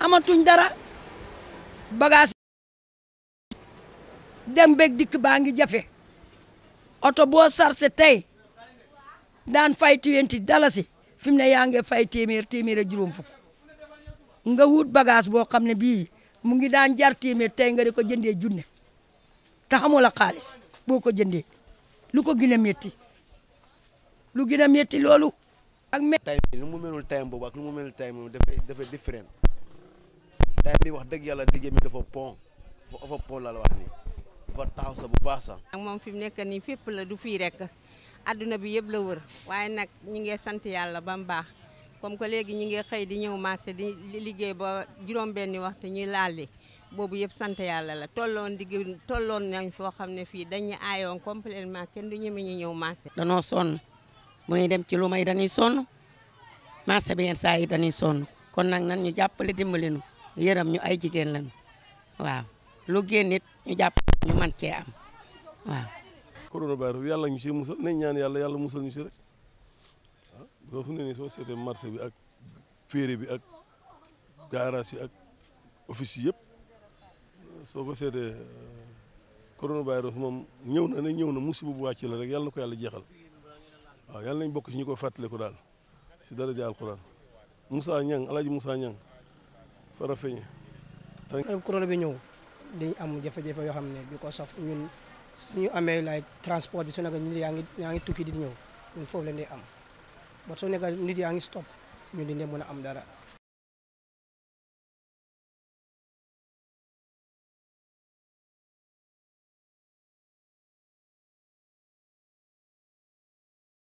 amatuñ dara bagage dem bek dik baangi jafé jafe bo sarse tay dan fay tuyanti dalasi fimne mu fay témir téeméer ak fuk nga wut bagage bo xamné bi mu ngi dan jar témir tay nga diko ko djunné ta te xaliss boko jëndé ko jëndee lu ko gën a lu gën a métti ak metti lu mu melul tey boobu ak lu mu melul tey moom dafay dafay différent time bi wax dëgg yàlla liggéey mi la la ak moom fi mu nekk nii fépp la du fii rek adduna bi yëpp la wër waaye nag ñu ngi sant yàlla ba baax comme que léegi ñu ngi xëy di ñëw marché di liggéey ba juróom-benni waxtu ñuy boobu yëpp sant yàlla la tolloon foo xam ne fii dañu aayoon complètement kenn du ñeme ñu ñëw marché. danoo sonn mu ñuy dem ci lu may dañuy sonn marché bi yenn saa yi dañuy sonn kon nag nan ñu jàppale dimbali nu yërëm ñu ay jigéen lañu waaw lu génn it ñu jàpp ñu man cee am waaw. coronavirus yàlla ñu ci musal nañ ñaan yàlla yàlla musal ñu ci rek ah boo fu ne soo seetee marché bi ak féere bi ak garage yi ak office yëpp soo ko seetee euh, coronavirus moom ñëw na ne ñëw na musiba bu wàcc la rek yàlla na ko yàlla jeexal waaw yàlla nañ bokk ci ñu ko fàttaliku daal ci daraja alquran Moussa Niang El Hadj Moussa Farafeñe. corona bi ñëw dañ am jafe-jafe yoo xam ne bi ko saf ñun ñu amee like transport bi su nekk nit yaa ngi yaa di tukki di ñëw ñun foofu lañ dee am ba su nekk nit yaa ngi stop ñun dañ dee a am dara.